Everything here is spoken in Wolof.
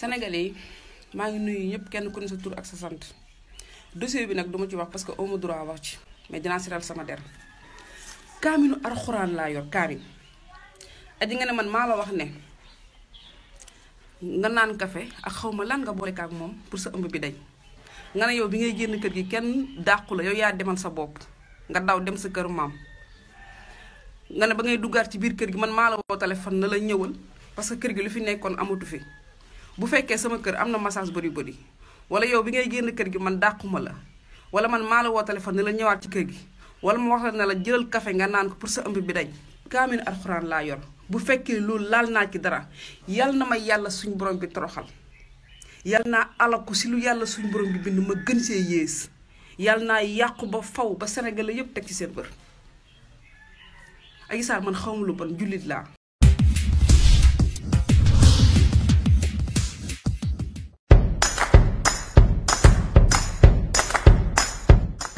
sénégalais yi maa ngi nuyu ñëpp kenn ku ne sa tur ak sa sant dossier bi nag duma ci wax parce que amu droit wax ci mais dinaa seetal sama der kaaminu alxuraan laa yor kaamin aji nga ne man maa la wax ne nga naan kafe ak xaw ma lan nga boole kaak moom pour sa ëmb bi day nga ne yow bi ngay génn kër gi kenn dàqu la yow yaa demal sa bopp nga daw dem sa kër maam nga ne ba ngay duggaat ci biir kër gi man maa la woo téléphone na la ñëwal parce que kër gi lu fi nekkoon amatu fi bu fekkee sama kër am na massage bëri bëri wala yow bi ngay génn kër gi man dàquma la wala man maa la woo téléphone ne la ñëwaat ci kër gi wala ma wax la ne la jëlal café nga naan ko pour sa ëmb bi dañ kaamil alxuraan laa yor bu fekkee loolu laal naa ci dara yal na ma yàlla suñu borom bi toroxal yal naa alaku si lu yàlla suñu borom bi bind ma gën see yées yal naa yàqu ba faw ba Sénégal yépp teg ci seen bër Adji Sarr man xawma lu bon jullit laa